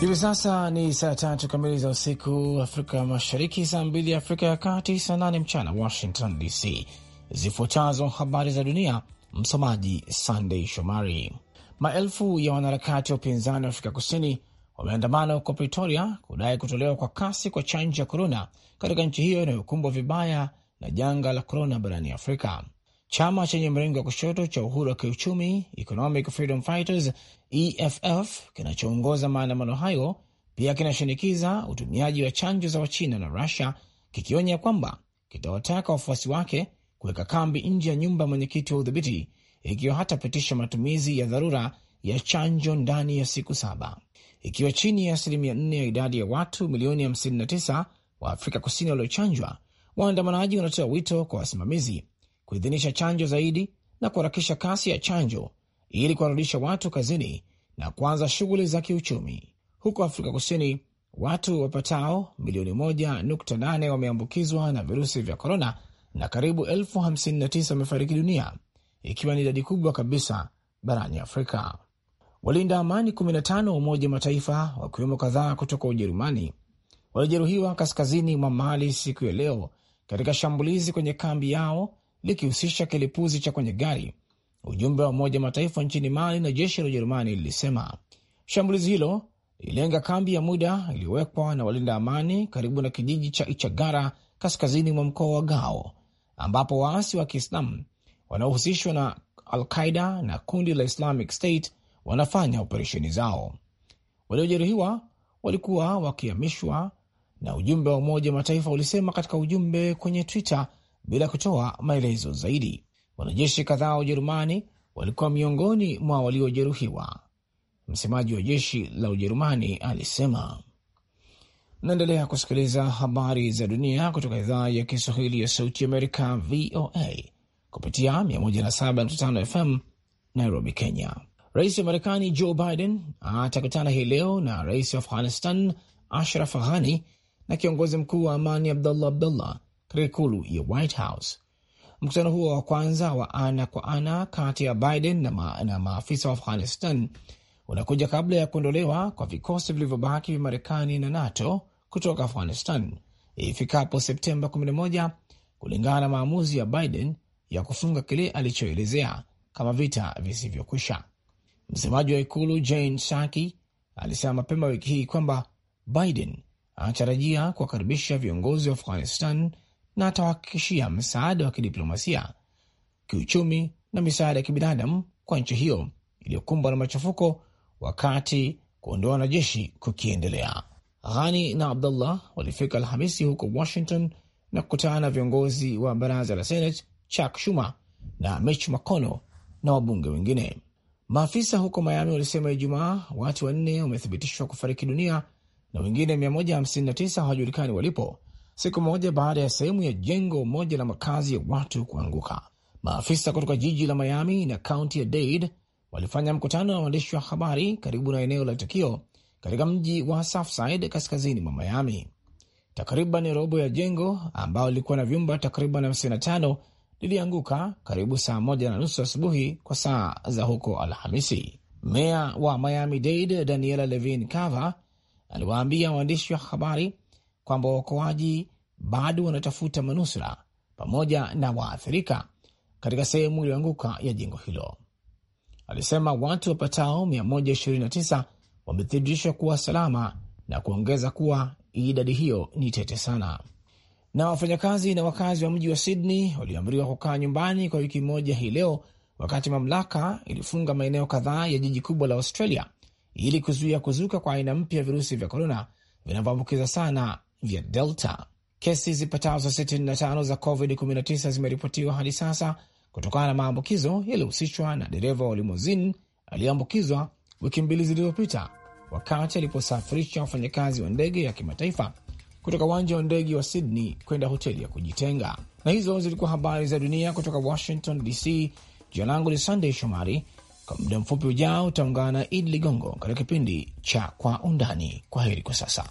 Hivi sasa ni saa tatu kamili za usiku Afrika Mashariki, saa mbili ya Afrika ya Kati, saa nane mchana Washington DC. Zifuatazo habari za dunia, msomaji Sandey Shomari. Maelfu ya wanaharakati wa upinzani wa Afrika Kusini wameandamana huko Pretoria kudai kutolewa kwa kasi kwa chanjo ya korona katika nchi hiyo inayokumbwa vibaya na janga la korona barani Afrika. Chama chenye mrengo wa kushoto cha uhuru wa kiuchumi Economic Freedom Fighters EFF kinachoongoza maandamano hayo pia kinashinikiza utumiaji wa chanjo za Wachina na Rusia, kikionya kwamba kitawataka wafuasi wake kuweka kambi nje ya nyumba ya mwenyekiti wa udhibiti ikiwa hatapitisha matumizi ya dharura ya chanjo ndani ya siku saba. Ikiwa chini ya asilimia nne ya idadi ya watu milioni 59 wa Afrika Kusini waliochanjwa, waandamanaji wanatoa wito kwa wasimamizi kuidhinisha chanjo zaidi na kuharakisha kasi ya chanjo ili kuwarudisha watu kazini na kuanza shughuli za kiuchumi. Huko Afrika Kusini, watu wapatao milioni 1.8 wameambukizwa na virusi vya korona na karibu elfu 59 wamefariki dunia, ikiwa ni idadi kubwa kabisa barani Afrika. Walinda amani 15 wa Umoja Mataifa, wakiwemo kadhaa kutoka Ujerumani, walijeruhiwa kaskazini mwa Mali siku ya leo katika shambulizi kwenye kambi yao likihusisha kilipuzi cha kwenye gari. Ujumbe wa Umoja Mataifa nchini Mali na jeshi la Ujerumani lilisema shambulizi hilo lililenga kambi ya muda iliyowekwa na walinda amani karibu na kijiji cha Ichagara kaskazini mwa mkoa wa Gao, ambapo waasi wa Kiislamu wanaohusishwa na Al-Qaida na kundi la Islamic State wanafanya operesheni zao. Waliojeruhiwa walikuwa wakihamishwa, na ujumbe wa Umoja Mataifa ulisema katika ujumbe kwenye Twitter bila kutoa maelezo zaidi. Wanajeshi kadhaa wa Ujerumani walikuwa miongoni mwa waliojeruhiwa, msemaji wa jeshi la Ujerumani alisema. Naendelea kusikiliza habari za dunia kutoka idhaa ya Kiswahili ya Sauti Amerika, VOA, kupitia 107.5 FM Nairobi, Kenya. Rais wa Marekani Joe Biden atakutana hii leo na rais wa Afghanistan Ashraf Ghani na kiongozi mkuu wa amani Abdullah Abdullah katika ikulu ya White House. Mkutano huo wa kwanza wa ana kwa ana kati ya Biden na, ma na maafisa wa Afghanistan unakuja kabla ya kuondolewa kwa vikosi vilivyobaki vya Marekani na NATO kutoka Afghanistan ifikapo Septemba 11 kulingana na maamuzi ya Biden ya kufunga kile alichoelezea kama vita visivyokwisha. Msemaji wa ikulu Jane Saki alisema mapema wiki hii kwamba Biden anatarajia kuwakaribisha viongozi wa Afghanistan na atawahakikishia msaada wa kidiplomasia, kiuchumi na misaada ya kibinadamu kwa nchi hiyo iliyokumbwa na machafuko wakati kuondoa wanajeshi kukiendelea. Ghani na Abdullah walifika Alhamisi huko Washington na kukutana na viongozi wa baraza la Senate Chuck Schumer na Mitch McConnell na wabunge wengine. Maafisa huko Miami walisema Ijumaa watu wanne wamethibitishwa kufariki dunia na wengine 159 hawajulikani walipo siku moja baada ya sehemu ya jengo moja la makazi ya watu kuanguka. Maafisa kutoka jiji la Miami na kaunti ya Dade walifanya mkutano na waandishi wa habari karibu na eneo la tukio katika mji wa Surfside kaskazini mwa Miami. Takriban robo ya jengo ambayo lilikuwa na vyumba takriban 55 lilianguka karibu saa moja na nusu asubuhi kwa saa za huko Alhamisi. Meya wa Miami Dade Daniela Levin Cava aliwaambia waandishi wa habari kwamba waokoaji bado wanatafuta manusura pamoja na waathirika katika sehemu iliyoanguka ya jengo hilo. Alisema watu wapatao 129 wamethibitishwa kuwa salama na kuongeza kuwa idadi hiyo ni tete sana. Na wafanyakazi na wakazi wa mji wa Sydney walioamriwa kukaa nyumbani kwa wiki moja hii leo, wakati mamlaka ilifunga maeneo kadhaa ya jiji kubwa la Australia ili kuzuia kuzuka kwa aina mpya ya virusi vya korona vinavyoambukiza sana vya Delta. Kesi zipatazo 65 za COVID-19 zimeripotiwa hadi sasa kutokana na maambukizo yaliyohusishwa na dereva wa limozin aliyeambukizwa wiki mbili zilizopita wakati aliposafirisha wafanyakazi wa ndege ya kimataifa kutoka uwanja wa ndege wa Sydney kwenda hoteli ya kujitenga. Na hizo zilikuwa habari za dunia kutoka Washington DC. Jina langu ni Sandey Shomari. Kwa muda mfupi ujao utaungana na Idi Ligongo katika kipindi cha Kwa Undani. Kwa heri kwa sasa.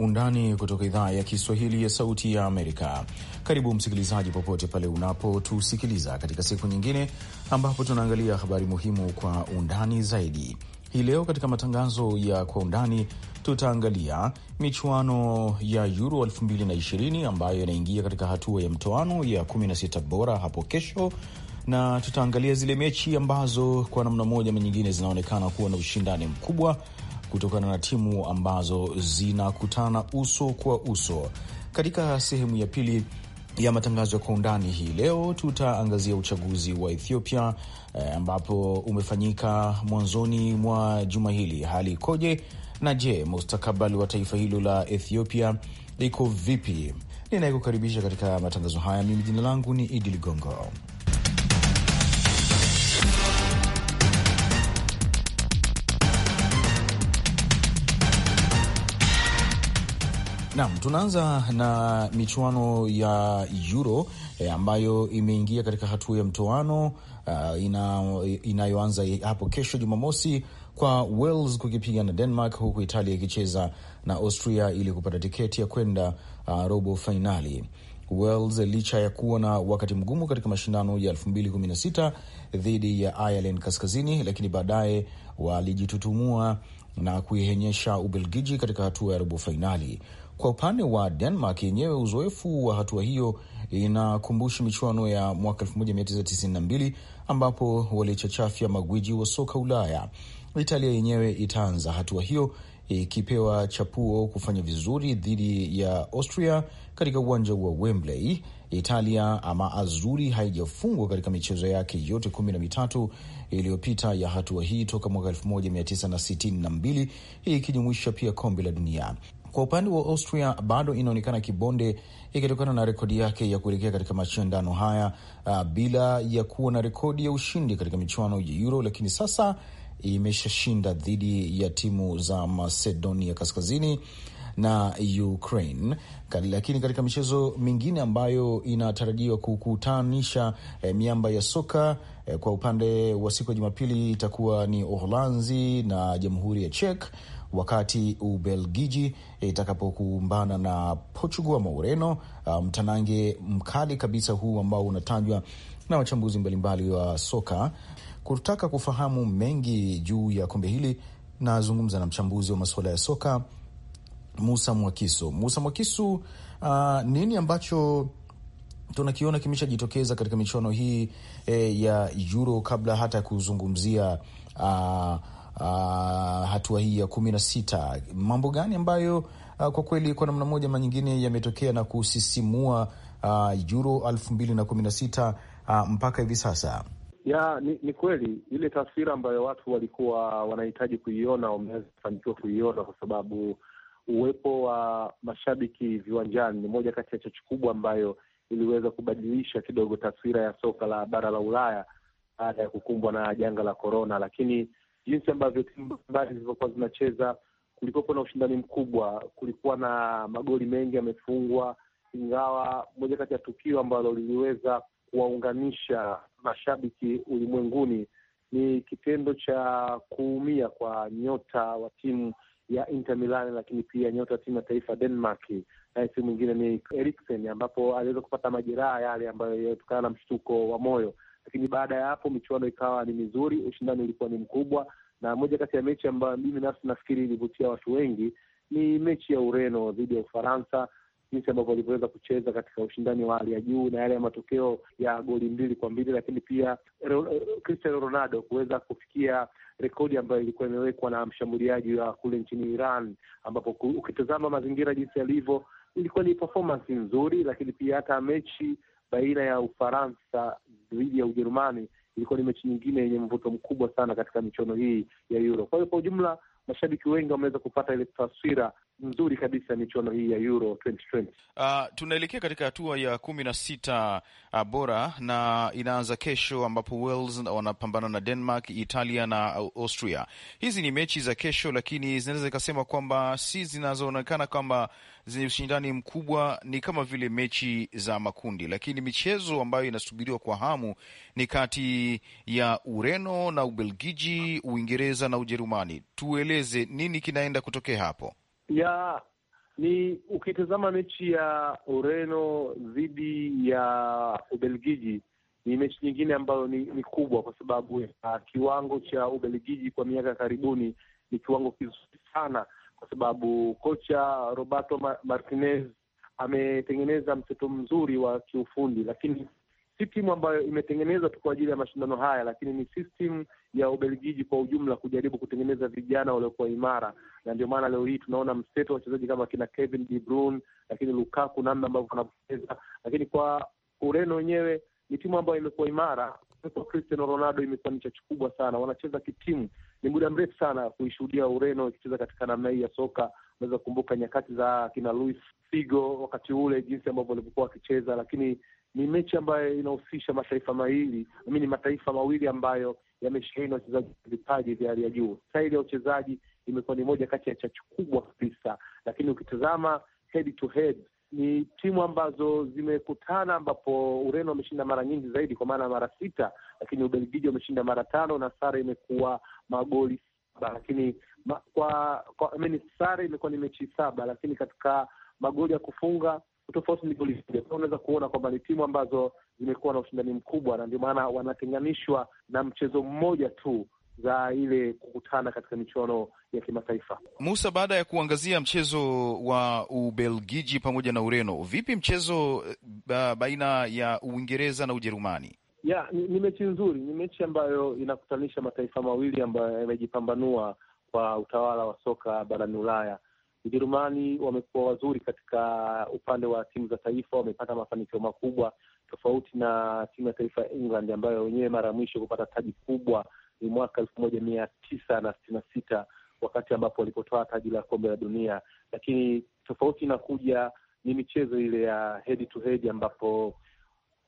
undani kutoka idhaa ya Kiswahili ya Sauti ya Amerika. Karibu msikilizaji, popote pale unapotusikiliza katika siku nyingine ambapo tunaangalia habari muhimu kwa undani zaidi. Hii leo katika matangazo ya kwa undani tutaangalia michuano ya Euro 2020 ambayo inaingia katika hatua ya mtoano ya 16 bora hapo kesho, na tutaangalia zile mechi ambazo kwa namna moja ama nyingine zinaonekana kuwa na ushindani mkubwa kutokana na timu ambazo zinakutana uso kwa uso. Katika sehemu ya pili ya matangazo ya kwa undani hii leo tutaangazia uchaguzi wa Ethiopia eh, ambapo umefanyika mwanzoni mwa juma hili. Hali ikoje? Na je, mustakabali wa taifa hilo la Ethiopia liko vipi? Ninayekukaribisha katika matangazo haya, mimi jina langu ni Idi Ligongo. Naam, tunaanza na michuano ya Euro e, ambayo imeingia katika hatua ya mtoano uh, ina, inayoanza hapo kesho Jumamosi kwa Wales kukipiga na Denmark, huku Italia ikicheza na Austria ili kupata tiketi ya kwenda uh, robo fainali. Wales licha ya kuwa na wakati mgumu katika mashindano ya 2016 dhidi ya Ireland Kaskazini, lakini baadaye walijitutumua na kuihenyesha Ubelgiji katika hatua ya robo fainali. Kwa upande wa Denmark yenyewe, uzoefu wa hatua hiyo inakumbusha michuano ya mwaka 1992 ambapo walichachafya magwiji wa soka Ulaya. Italia yenyewe itaanza hatua hiyo ikipewa chapuo kufanya vizuri dhidi ya Austria katika uwanja wa Wembley. Italia ama Azuri haijafungwa katika michezo yake yote kumi na mitatu iliyopita ya hatua hii toka mwaka 1962 ikijumuisha pia kombe la dunia. Kwa upande wa Austria bado inaonekana kibonde ikitokana na rekodi yake ya kuelekea katika mashindano haya uh, bila ya kuwa na rekodi ya ushindi katika michuano ya Euro, lakini sasa imeshashinda dhidi ya timu za Macedonia Kaskazini na Ukraine, lakini katika michezo mingine ambayo inatarajiwa kukutanisha eh, miamba ya soka eh, kwa upande wa siku ya Jumapili itakuwa ni Uholanzi na Jamhuri ya Czech wakati Ubelgiji itakapokumbana na Portugal ama Ureno, um, mtanange um, mkali kabisa huu ambao unatajwa na wachambuzi mbalimbali wa soka. Kutaka kufahamu mengi juu ya kombe hili, nazungumza na mchambuzi wa masuala ya soka Musa Mwakisu. Musa Mwakisu, uh, nini ambacho tunakiona kimeshajitokeza katika michuano hii eh, ya Euro kabla hata ya kuzungumzia uh, uh, hatua hii ya kumi na sita, mambo gani ambayo uh, kwa kweli kwa namna moja ama nyingine yametokea na kusisimua uh, ah, Euro elfu mbili na kumi na sita uh, mpaka hivi sasa? Ya, ni, ni kweli ile taswira ambayo watu walikuwa wanahitaji kuiona wameweza kufanikiwa kuiona, kwa sababu uwepo wa mashabiki viwanjani ni moja kati ya chachu kubwa ambayo iliweza kubadilisha kidogo taswira ya soka la bara la Ulaya baada ya kukumbwa na janga la korona. Lakini jinsi ambavyo timu mbalimbali zilivyokuwa zinacheza, kulikuwepo na ushindani mkubwa, kulikuwa na magoli mengi yamefungwa, ingawa moja kati ya tukio ambalo liliweza kuwaunganisha mashabiki ulimwenguni ni kitendo cha kuumia kwa nyota wa timu ya Inter Milan, lakini pia nyota wa timu ya taifa Denmark, naye si mwingine ni Eriksen, ambapo aliweza kupata majeraha yale ambayo yalitokana na mshtuko wa moyo. Lakini baada ya hapo michuano ikawa ni mizuri, ushindani ulikuwa ni mkubwa, na moja kati ya mechi ambayo mimi binafsi nafikiri ilivutia watu wengi ni mechi ya Ureno dhidi ya Ufaransa, jinsi ambavyo walivyoweza kucheza katika ushindani wa hali ya juu na yale ya matokeo ya goli mbili kwa mbili, lakini pia Cristiano Ronaldo kuweza kufikia rekodi ambayo ilikuwa imewekwa na mshambuliaji wa kule nchini Iran, ambapo ukitazama mazingira jinsi yalivyo, ilikuwa ni performance nzuri, lakini pia hata mechi baina ya Ufaransa dhidi ya Ujerumani ilikuwa ni mechi nyingine yenye mvuto mkubwa sana katika michuano hii ya Euro. Kwa hiyo kwa ujumla mashabiki wengi wameweza kupata ile taswira mzuri kabisa michuano hii ya Euro 2020. Uh, ah, tunaelekea katika hatua ya kumi na sita uh, bora na inaanza kesho, ambapo Wales wanapambana na Denmark, Italia na Austria. Hizi ni mechi za kesho, lakini zinaweza zikasema kwamba si zinazoonekana kwamba zenye ushindani mkubwa, ni kama vile mechi za makundi, lakini michezo ambayo inasubiriwa kwa hamu ni kati ya Ureno na Ubelgiji, Uingereza na Ujerumani. Tueleze nini kinaenda kutokea hapo ya ni ukitazama mechi ya Ureno dhidi ya Ubelgiji ni mechi nyingine ambayo ni, ni kubwa kwa sababu ya kiwango cha Ubelgiji kwa miaka karibuni ni kiwango kizuri sana, kwa sababu kocha Roberto Martinez ametengeneza mseto mzuri wa kiufundi, lakini si timu ambayo imetengenezwa tu kwa ajili ya mashindano haya, lakini ni system ya Ubelgiji kwa ujumla kujaribu kutengeneza vijana waliokuwa imara, na ndio maana leo hii tunaona mseto wa wachezaji kama kina Kevin De Bruyne, lakini Lukaku, namna ambavyo wanacheza. Lakini kwa Ureno wenyewe ni timu ambayo imekuwa imara kwa Cristiano Ronaldo imekuwa ni chachu kubwa sana, wanacheza kitimu. Ni muda mrefu sana kuishuhudia Ureno ikicheza katika namna hii ya soka. Unaweza kukumbuka nyakati za kina Luis Figo wakati ule, jinsi ambavyo walivyokuwa wakicheza, lakini ni mechi ambayo inahusisha mataifa mawili ni mataifa mawili ambayo yamesheheni wachezaji vipaji vya hali ya juu. Staili ya uchezaji imekuwa ni moja kati ya chachu kubwa kabisa, lakini ukitazama head to head ni timu ambazo zimekutana, ambapo Ureno wameshinda mara nyingi zaidi kwa maana ya mara sita, lakini Ubelgiji wameshinda mara tano na sare imekuwa magoli saba, lakini ma, kwa, kwa, sare imekuwa ni mechi saba, lakini katika magoli ya kufunga tofauti na unaweza kuona kwamba ni timu ambazo zimekuwa na ushindani mkubwa, na ndio maana wanatenganishwa na mchezo mmoja tu za ile kukutana katika michuano ya kimataifa. Musa, baada ya kuangazia mchezo wa Ubelgiji pamoja na Ureno, vipi mchezo eh, baina ya Uingereza na Ujerumani? Ya, ni, ni mechi nzuri, ni mechi ambayo inakutanisha mataifa mawili ambayo yamejipambanua kwa utawala wa soka barani Ulaya Ujerumani wamekuwa wazuri katika upande wa timu za taifa, wamepata mafanikio makubwa tofauti na timu ya taifa ya England ambayo wenyewe mara ya mwisho kupata taji kubwa ni mwaka elfu moja mia tisa na sitini na sita wakati ambapo walipotoa taji la kombe la dunia. Lakini tofauti inakuja ni michezo ile ya head to head, ambapo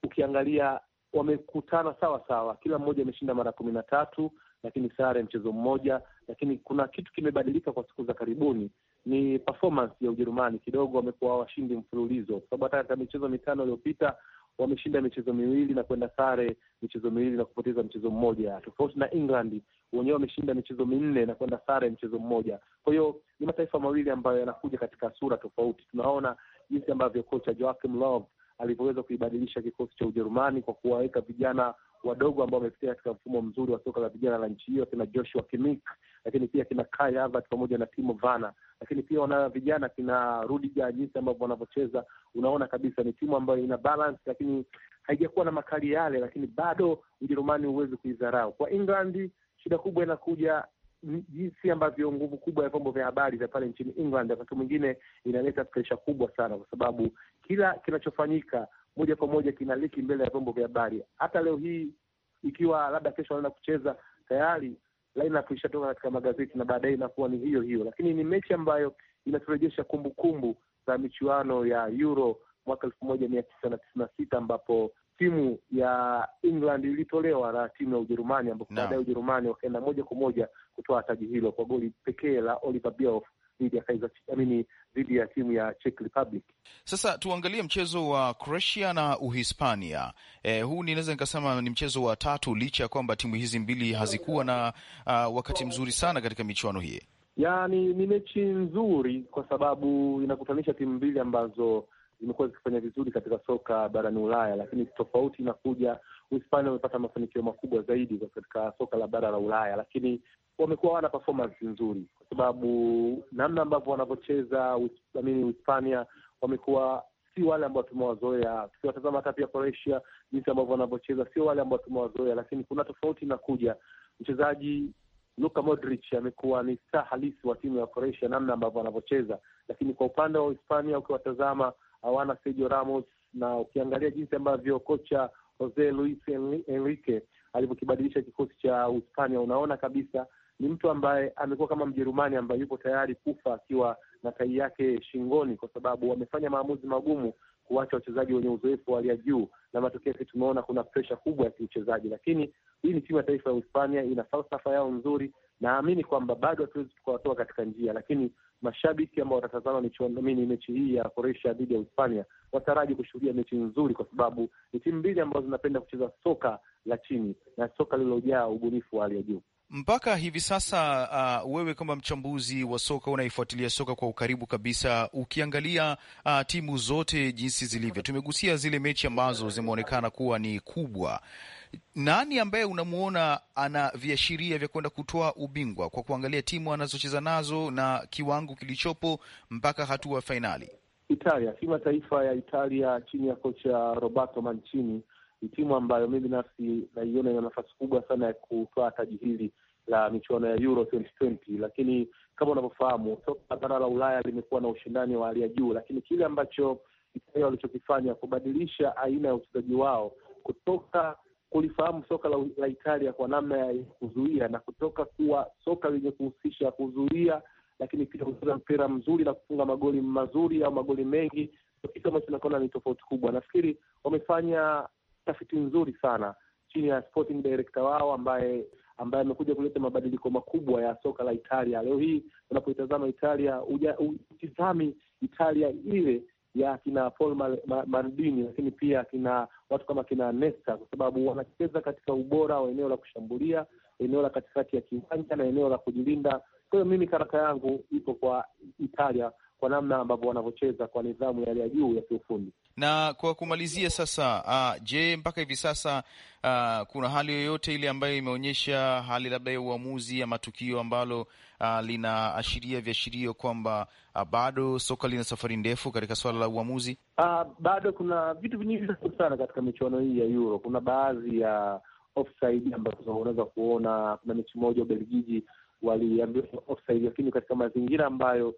ukiangalia wamekutana sawa sawa, kila mmoja ameshinda mara kumi na tatu, lakini sare mchezo mmoja. Lakini kuna kitu kimebadilika kwa siku za karibuni ni performance ya Ujerumani. Kidogo wamekuwa washindi mfululizo, kwa sababu hata katika michezo mitano iliyopita wameshinda michezo miwili na kwenda sare michezo miwili na kupoteza mchezo mmoja, tofauti na England wenyewe wameshinda michezo minne na kwenda sare mchezo mmoja. Kwa hiyo ni mataifa mawili ambayo yanakuja katika sura tofauti. Tunaona jinsi ambavyo kocha Joachim Love alivyoweza kuibadilisha kikosi cha Ujerumani kwa kuwaweka vijana wadogo ambao wamepitia katika mfumo mzuri wa soka la vijana la nchi hiyo, kina Joshua Kimmich, lakini pia kina Kai Havertz pamoja na Timo Werner lakini pia wana vijana kina Rudiger, jinsi ambavyo wanavyocheza, unaona kabisa ni timu ambayo ina balance, lakini haijakuwa na makali yale, lakini bado Ujerumani huwezi kuidharau. Kwa England shida kubwa inakuja jinsi ambavyo nguvu kubwa ya vyombo vya habari vya pale nchini England wakati mwingine inaleta presha kubwa sana, kwa sababu kila kinachofanyika moja kwa moja kina liki mbele ya vyombo vya habari. Hata leo hii ikiwa labda kesho wanaenda kucheza tayari lineup ishatoka katika magazeti na baadaye inakuwa ni hiyo hiyo, lakini ni mechi ambayo inaturejesha kumbukumbu za michuano ya Euro mwaka elfu moja mia tisa na tisini na sita ambapo timu ya England ilitolewa na timu ya Ujerumani ambapo baadaye Ujerumani wakaenda moja kwa moja kutoa taji hilo kwa goli pekee la Oliver Bierhoff dhidi ya Kaizer Chiefs, dhidi ya timu ya Czech Republic. Sasa tuangalie mchezo wa Croatia na Uhispania. Eh, huu ninaweza nikasema ni mchezo wa tatu, licha ya kwamba timu hizi mbili hazikuwa na uh, wakati mzuri sana katika michuano hii. Yani ni mechi nzuri kwa sababu inakutanisha timu mbili ambazo zimekuwa zikifanya vizuri katika soka barani Ulaya, lakini tofauti inakuja Uhispania wamepata mafanikio makubwa zaidi katika soka la bara la Ulaya, lakini wamekuwa wana performance nzuri, kwa sababu namna ambavyo wanavyocheza Uhispania wamekuwa si wale ambao tumewazoea. Tukiwatazama hata pia Croatia, jinsi ambavyo wanavyocheza sio wale ambao tumewazoea, lakini kuna tofauti inakuja. Mchezaji Luka Modric amekuwa ni saa halisi wa timu ya Croatia, namna ambavyo wanavyocheza, lakini kwa upande wa Hispania ukiwatazama hawana Sergio Ramos, na ukiangalia jinsi ambavyo kocha Jose Luis Enrique alivyokibadilisha kikosi cha Uhispania, unaona kabisa ni mtu ambaye amekuwa kama Mjerumani ambaye yupo tayari kufa akiwa na tai yake shingoni, kwa sababu wamefanya maamuzi magumu kuwacha wachezaji wenye uzoefu wa hali ya juu, na matokeo yake tumeona kuna presha kubwa ya kiuchezaji. Lakini hii ni timu ya taifa ya Uhispania, ina falsafa yao nzuri, naamini kwamba bado hatuwezi tukawatoa katika njia, lakini mashabiki ambao watatazama michuano mechi hii ya Croatia dhidi ya Uhispania wataraji kushuhudia mechi nzuri, kwa sababu ni timu mbili ambazo zinapenda kucheza soka la chini na soka lililojaa ubunifu wa hali ya juu mpaka hivi sasa uh, wewe kama mchambuzi wa soka unaifuatilia soka kwa ukaribu kabisa, ukiangalia uh, timu zote jinsi zilivyo, tumegusia zile mechi ambazo zimeonekana kuwa ni kubwa, nani ambaye unamwona ana viashiria vya kwenda kutoa ubingwa kwa kuangalia timu anazocheza nazo na kiwango kilichopo mpaka hatua fainali? Italia, timu ya taifa ya Italia chini ya kocha Roberto Mancini ni timu ambayo mi binafsi naiona ina nafasi kubwa sana ya kutoa taji hili la michuano ya Euro 2020 lakini kama unavyofahamu soka bara la Ulaya limekuwa na ushindani wa hali ya juu, lakini kile ambacho Italia walichokifanya kubadilisha aina ya uchezaji wao kutoka kulifahamu soka la, la Italia kwa namna ya kuzuia na kutoka kuwa soka lenye kuhusisha kuzuia, lakini pia kucheza mpira mzuri na kufunga magoli mazuri au magoli mengi, kitu ambacho nakuona ni tofauti kubwa. Nafikiri wamefanya tafiti nzuri sana chini ya sporting director wao ambaye ambaye amekuja kuleta mabadiliko makubwa ya soka la Italia. Leo hii unapoitazama Italia, utizami Italia ile ya kina Paul Maldini, lakini pia kina watu kama kina Nesta, kwa sababu wanacheza katika ubora wa eneo la kushambulia, eneo la katikati ya kiwanja na eneo la kujilinda. Kwa hiyo mimi karaka yangu ipo kwa Italia kwa namna ambavyo wanavyocheza kwa nidhamu ya hali ya juu ya kiufundi. Na kwa kumalizia sasa, uh, je, mpaka hivi sasa uh, kuna hali yoyote ile ambayo imeonyesha hali labda ya uamuzi ya matukio ambalo uh, linaashiria viashirio kwamba uh, bado soka lina safari ndefu katika swala la uamuzi? Uh, bado kuna vitu vingi sana katika michuano hii ya Euro. Kuna baadhi ya offside ambazo unaweza kuona. Kuna mechi moja Ubelgiji waliambiwa offside, lakini katika mazingira ambayo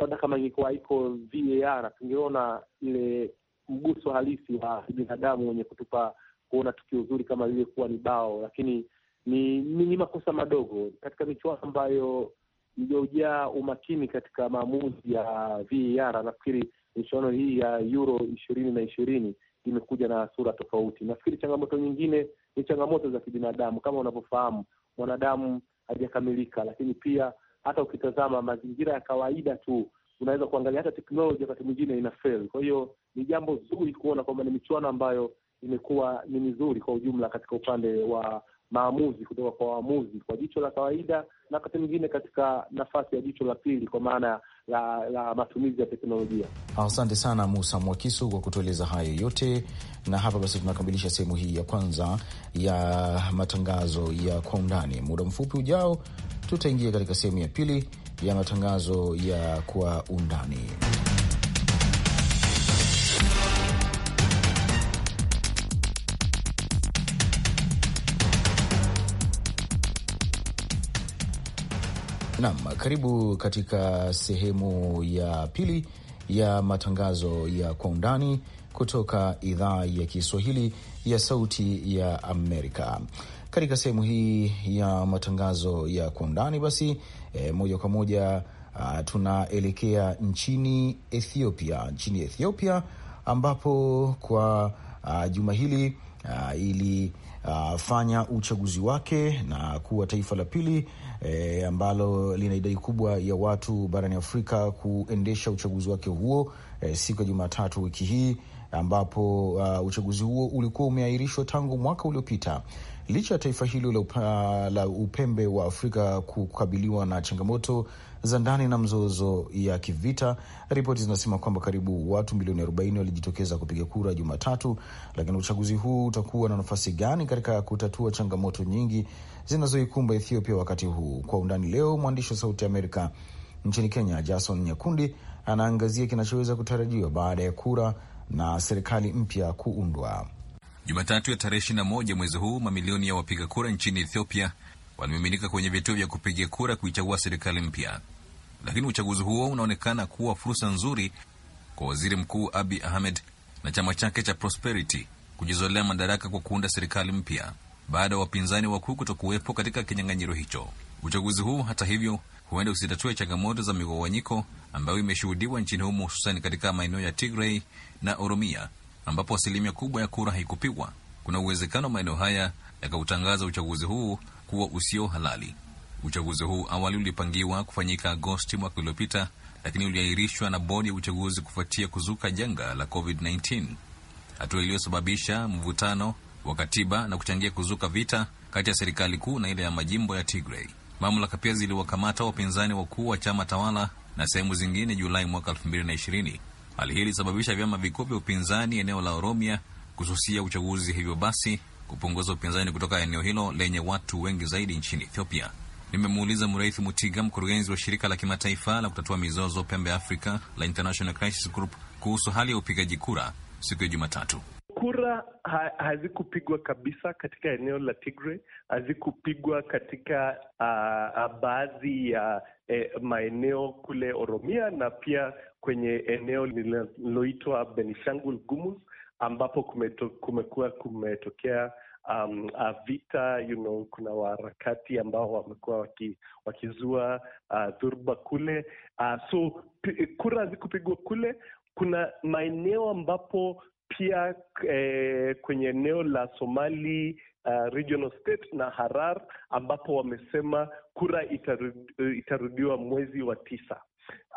labda kama ingekuwa iko VAR tungeona ile mguso halisi wa binadamu wenye kutupa kuona tukio zuri kama kuwa ni bao, lakini ni, ni, ni makosa madogo katika michuano ambayo iliyojaa umakini katika maamuzi ya VAR. Nafikiri michuano hii ya Euro ishirini na ishirini imekuja na sura tofauti. Nafikiri changamoto nyingine ni changamoto za kibinadamu. Kama unavyofahamu, mwanadamu hajakamilika, lakini pia hata ukitazama mazingira ya kawaida tu unaweza kuangalia hata teknoloji wakati mwingine ina fail. Kwa hiyo ni jambo zuri kuona kwamba ni michuano ambayo imekuwa ni mizuri kwa ujumla katika upande wa maamuzi kutoka kwa waamuzi kwa jicho la kawaida, na wakati mwingine katika nafasi ya jicho la pili kwa maana la, la matumizi ya teknolojia. Asante sana Musa Mwakisu kwa kutueleza hayo yote, na hapa basi tunakamilisha sehemu hii ya kwanza ya matangazo ya kwa undani. Muda mfupi ujao tutaingia katika sehemu ya pili ya matangazo ya kwa undani. Naam, karibu katika sehemu ya pili ya matangazo ya kwa undani kutoka idhaa ya Kiswahili ya Sauti ya Amerika katika sehemu hii ya matangazo ya kwa undani. Basi e, moja kwa moja tunaelekea nchini Ethiopia, nchini Ethiopia ambapo kwa a, juma hili ilifanya uchaguzi wake na kuwa taifa la pili e, ambalo lina idadi kubwa ya watu barani Afrika kuendesha uchaguzi wake huo e, siku ya Jumatatu wiki hii ambapo uh, uchaguzi huo ulikuwa umeahirishwa tangu mwaka uliopita licha ya taifa hilo la, upa, la upembe wa Afrika kukabiliwa na changamoto za ndani na mzozo ya kivita. Ripoti zinasema kwamba karibu watu milioni 40 walijitokeza kupiga kura Jumatatu, lakini uchaguzi huu utakuwa na nafasi gani katika kutatua changamoto nyingi zinazoikumba Ethiopia wakati huu? Kwa undani leo, mwandishi wa Sauti ya Amerika nchini Kenya Jason Nyakundi anaangazia kinachoweza kutarajiwa baada ya kura na serikali mpya kuundwa. Jumatatu ya tarehe 21 mwezi huu, mamilioni ya wapiga kura nchini Ethiopia walimiminika kwenye vituo vya kupiga kura kuichagua serikali mpya, lakini uchaguzi huo unaonekana kuwa fursa nzuri kwa waziri mkuu Abi Ahmed na chama chake cha Prosperity kujizolea madaraka kwa kuunda serikali mpya baada ya wapinzani wakuu kutokuwepo katika kinyang'anyiro hicho. Uchaguzi huu hata hivyo huenda usitatue changamoto za migawanyiko ambayo imeshuhudiwa nchini humo, hususani katika maeneo ya Tigray na Oromia ambapo asilimia kubwa ya kura haikupigwa, kuna uwezekano maeneo haya yakautangaza uchaguzi huu kuwa usio halali. Uchaguzi huu awali ulipangiwa kufanyika Agosti mwaka uliopita, lakini uliahirishwa na bodi ya uchaguzi kufuatia kuzuka janga la COVID-19, hatua iliyosababisha mvutano wa katiba na kuchangia kuzuka vita kati ya serikali kuu na ile ya majimbo ya Tigray. Mamlaka pia ziliwakamata wapinzani wakuu wa chama tawala na sehemu zingine Julai mwaka 2020. Hali hii ilisababisha vyama vikuu vya upinzani eneo la Oromia kususia uchaguzi, hivyo basi kupunguza upinzani kutoka eneo hilo lenye watu wengi zaidi nchini Ethiopia. Nimemuuliza Muriithi Mutiga, mkurugenzi wa shirika la kimataifa la kutatua mizozo pembe Afrika la International Crisis Group, kuhusu hali ya upigaji kura siku ya Jumatatu kura ha, hazikupigwa kabisa katika eneo la Tigray, hazikupigwa katika uh, baadhi ya uh, eh, maeneo kule Oromia na pia kwenye eneo linaloitwa Benishangul Gumus ambapo kumeto, kumekuwa kumetokea um, vita you know, kuna waharakati ambao wamekuwa waki, wakizua uh, dhuruba kule uh, so kura hazikupigwa kule. Kuna maeneo ambapo pia eh, kwenye eneo la Somali uh, Regional State na Harar ambapo wamesema kura itarudi, itarudiwa mwezi wa tisa.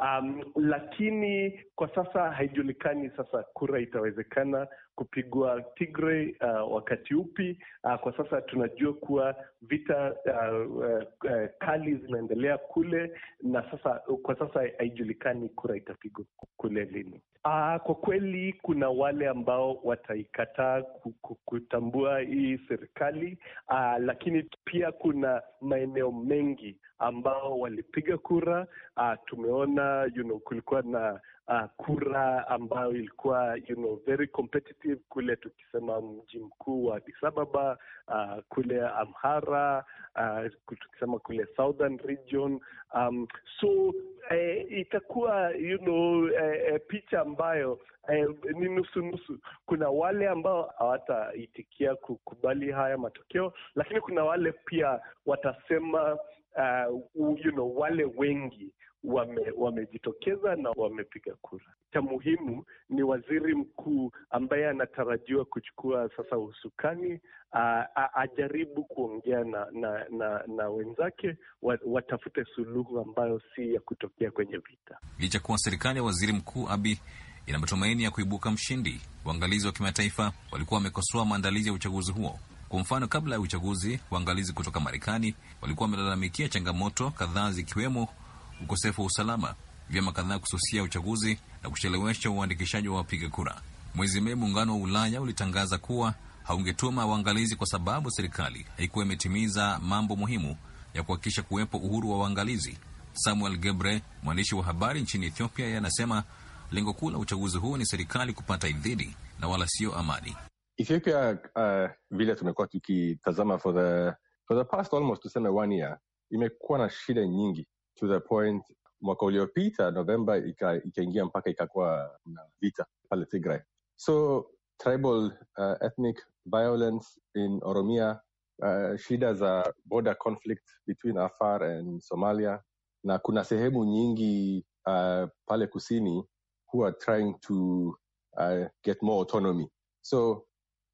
Um, lakini kwa sasa haijulikani sasa kura itawezekana kupigwa Tigray uh, wakati upi? Uh, kwa sasa tunajua kuwa vita uh, uh, uh, kali zinaendelea kule, na sasa kwa sasa haijulikani kura itapigwa kule lini. Uh, kwa kweli kuna wale ambao wataikataa kutambua hii serikali uh, lakini pia kuna maeneo mengi ambao walipiga kura uh, tumeona you know, kulikuwa na uh, kura ambayo ilikuwa you know, very competitive kule tukisema mji mkuu wa disababa uh, ah, kule Amhara uh, tukisema kule southern region um, so eh, itakuwa you know, eh, eh picha ambayo eh, ni nusu nusu. Kuna wale ambao hawataitikia kukubali haya matokeo, lakini kuna wale pia watasema uh, you know, wale wengi wame, wamejitokeza na wamepiga kura. Cha muhimu ni waziri mkuu ambaye anatarajiwa kuchukua sasa usukani a, a, ajaribu kuongea na na, na, na wenzake watafute suluhu ambayo si ya kutokea kwenye vita. Licha kuwa serikali ya waziri mkuu Abi ina matumaini ya kuibuka mshindi, waangalizi wa kimataifa walikuwa wamekosoa maandalizi ya uchaguzi huo. Kwa mfano, kabla ya uchaguzi, waangalizi kutoka Marekani walikuwa wamelalamikia changamoto kadhaa zikiwemo ukosefu wa usalama, vyama kadhaa kususia uchaguzi na kuchelewesha uandikishaji wa wapiga kura. Mwezi Mei, muungano wa Ulaya ulitangaza kuwa haungetuma waangalizi kwa sababu serikali haikuwa imetimiza mambo muhimu ya kuhakikisha kuwepo uhuru wa waangalizi. Samuel Gebre, mwandishi wa habari nchini Ethiopia, anasema lengo kuu la uchaguzi huu ni serikali kupata idhini na wala sio amani. Ethiopia uh, vile tumekuwa tukitazama for the, for the past almost tuseme one year, imekuwa na shida nyingi to the point mwaka uliopita Novemba ikaingia mpaka ikakuwa na vita pale Tigray. So tribal uh, ethnic violence in Oromia, uh, shida za border conflict between Afar and Somalia, na kuna sehemu nyingi uh, pale kusini who are trying to uh, get more autonomy. So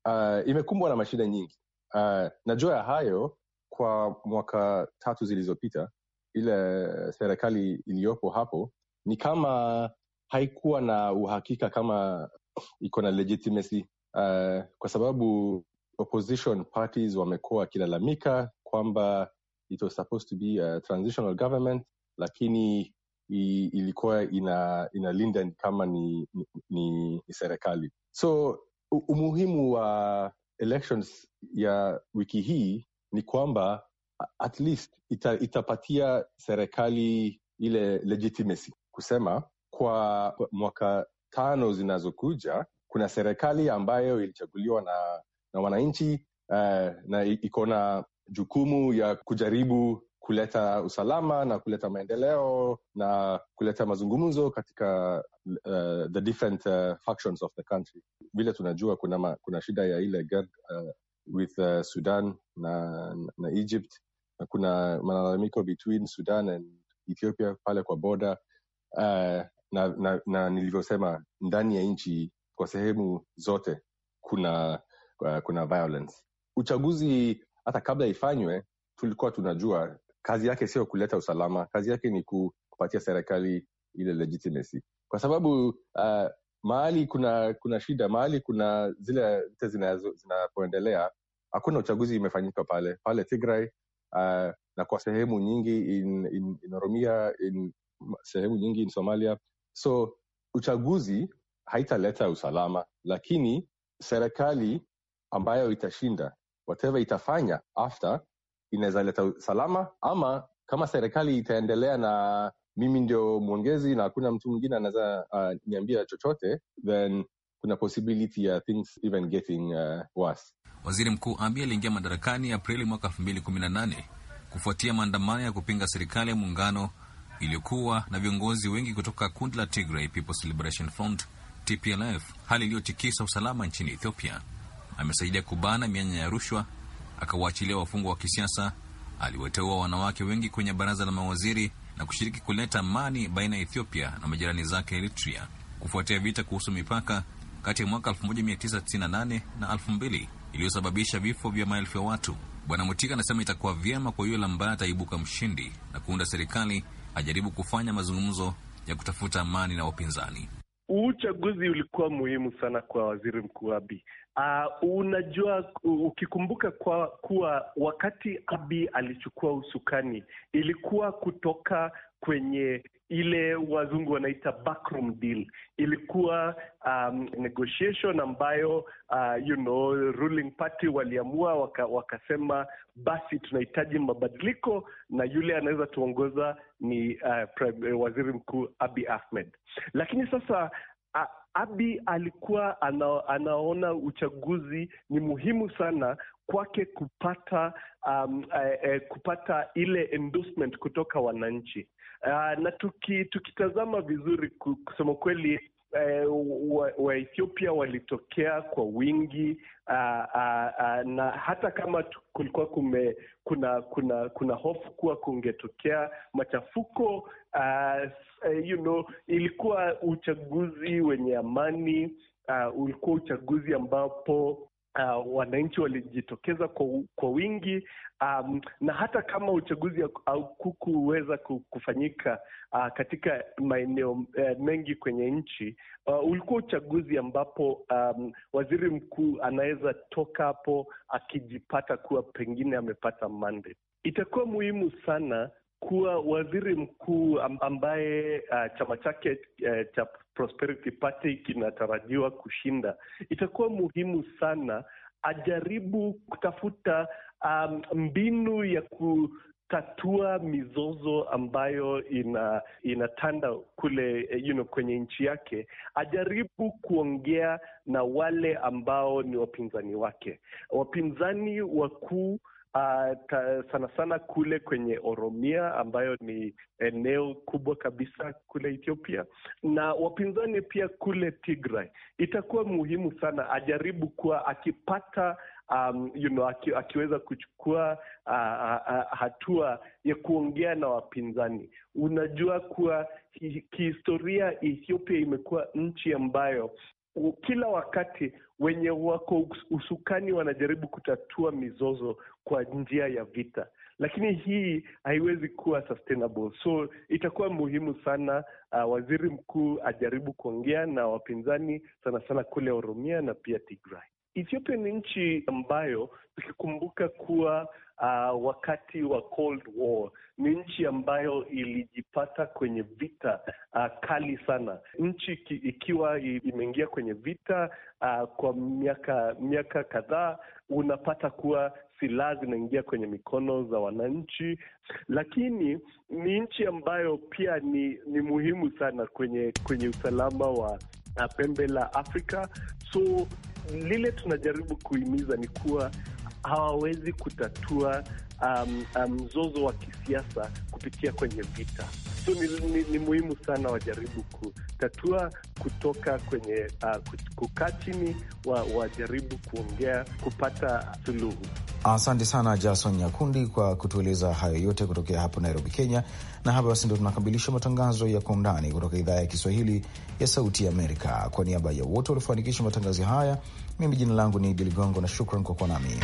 uh, imekumbwa na mashida nyingi uh, najua ya hayo kwa mwaka tatu zilizopita ile eh, serikali iliyopo hapo ni kama haikuwa na uhakika kama iko na legitimacy uh, kwa sababu opposition parties wamekuwa wakilalamika kwamba it was supposed to be a transitional government, lakini i, ilikuwa ina inalinda kama ni, ni, ni serikali. So umuhimu wa elections ya wiki hii ni kwamba at least ita, itapatia serikali ile legitimacy kusema kwa mwaka tano zinazokuja kuna serikali ambayo ilichaguliwa na, na wananchi uh, na iko na jukumu ya kujaribu kuleta usalama na kuleta maendeleo na kuleta mazungumzo katika uh, the different uh, factions of the country. Vile tunajua kuna, ma, kuna shida ya ile gerd, uh, with uh, Sudan na, na Egypt kuna malalamiko between Sudan and Ethiopia pale kwa boda uh, eh, na, na, na nilivyosema ndani ya nchi kwa sehemu zote kuna uh, kuna violence. Uchaguzi hata kabla ifanywe, tulikuwa tunajua kazi yake sio kuleta usalama, kazi yake ni kupatia serikali ile legitimacy, kwa sababu uh, mahali kuna kuna shida, mahali kuna zile vita zinazoendelea, hakuna uchaguzi imefanyika pale pale Tigray uh, na kwa sehemu nyingi in, in, in Oromia, in sehemu nyingi in Somalia. So uchaguzi haitaleta usalama, lakini serikali ambayo itashinda whatever itafanya after inaweza leta usalama, ama kama serikali itaendelea na mimi ndio mwongezi na hakuna mtu mwingine anaweza uh, niambia chochote, then kuna possibility ya things even getting uh, worse. Waziri Mkuu Abiy aliingia madarakani Aprili mwaka 2018 kufuatia maandamano ya kupinga serikali ya muungano iliyokuwa na viongozi wengi kutoka kundi la Tigray People's Liberation Front TPLF, hali iliyotikisa usalama nchini Ethiopia. Amesaidia kubana mianya ya rushwa, akawaachilia wafungwa wa kisiasa, aliwateua wanawake wengi kwenye baraza la mawaziri na kushiriki kuleta amani baina ya Ethiopia na majirani zake Eritrea, kufuatia vita kuhusu mipaka kati ya mwaka 1998 na iliyosababisha vifo vya maelfu ya watu. Bwana Mutika anasema itakuwa vyema kwa yule ambaye ataibuka mshindi na kuunda serikali ajaribu kufanya mazungumzo ya kutafuta amani na wapinzani. uchaguzi ulikuwa muhimu sana kwa waziri mkuu Abi. Uh, ah, unajua ukikumbuka kwa kuwa wakati Abi alichukua usukani ilikuwa kutoka kwenye ile wazungu wanaita backroom deal ilikuwa um, negotiation ambayo uh, you know, ruling party waliamua waka, wakasema basi tunahitaji mabadiliko na yule anaweza tuongoza ni uh, waziri mkuu abi Ahmed. Lakini sasa Abi alikuwa ana, anaona uchaguzi ni muhimu sana kwake kupata um, uh, uh, kupata ile endorsement kutoka wananchi uh, na tuki, tukitazama vizuri kusema kweli Waethiopia wa, walitokea kwa wingi uh, uh, na hata kama kulikuwa kume, kuna kuna kuna hofu kuwa kungetokea machafuko uh, you know, ilikuwa uchaguzi wenye amani Uh, ulikuwa uchaguzi ambapo Uh, wananchi walijitokeza kwa, kwa wingi um, na hata kama uchaguzi kukuweza kufanyika uh, katika maeneo uh, mengi kwenye nchi uh, ulikuwa uchaguzi ambapo um, waziri mkuu anaweza toka hapo akijipata kuwa pengine amepata mandate. Itakuwa muhimu sana kuwa waziri mkuu ambaye uh, chama chake uh, cha Prosperity Party kinatarajiwa kushinda, itakuwa muhimu sana ajaribu kutafuta um, mbinu ya kutatua mizozo ambayo ina, inatanda kule eh, you know, kwenye nchi yake. Ajaribu kuongea na wale ambao ni wapinzani wake, wapinzani wakuu ta, sana sana kule kwenye Oromia ambayo ni eneo kubwa kabisa kule Ethiopia na wapinzani pia kule Tigray. Itakuwa muhimu sana ajaribu kuwa akipata um, you know, aki, akiweza kuchukua uh, uh, hatua ya kuongea na wapinzani. Unajua kuwa kihistoria Ethiopia imekuwa nchi ambayo kila wakati wenye wako usukani wanajaribu kutatua mizozo kwa njia ya vita, lakini hii haiwezi kuwa sustainable. So itakuwa muhimu sana uh, waziri mkuu ajaribu kuongea na wapinzani sana sana kule Oromia na pia Tigray. Ethiopia ni nchi ambayo tukikumbuka kuwa uh, wakati wa Cold War ni nchi ambayo ilijipata kwenye vita uh, kali sana, nchi ikiwa imeingia kwenye vita uh, kwa miaka miaka kadhaa, unapata kuwa silaha zinaingia kwenye mikono za wananchi, lakini ni nchi ambayo pia ni, ni muhimu sana kwenye kwenye usalama wa pembe la Afrika so lile tunajaribu kuhimiza ni kuwa hawawezi kutatua mzozo um, um, wa kisiasa kupitia kwenye vita. So ni, ni, ni muhimu sana wajaribu kutatua kutoka kwenye uh, kukaa chini wa, wajaribu kuongea kupata suluhu. Asante sana Jason Nyakundi kwa kutueleza hayo yote kutokea hapo Nairobi, Kenya. Na hapa basi ndo tunakamilisha matangazo ya Kwa Undani kutoka idhaa ya Kiswahili ya Sauti ya Amerika. Kwa niaba ya wote waliofanikisha matangazo haya, mimi jina langu ni Idi Ligongo na shukran kwa kuwa nami.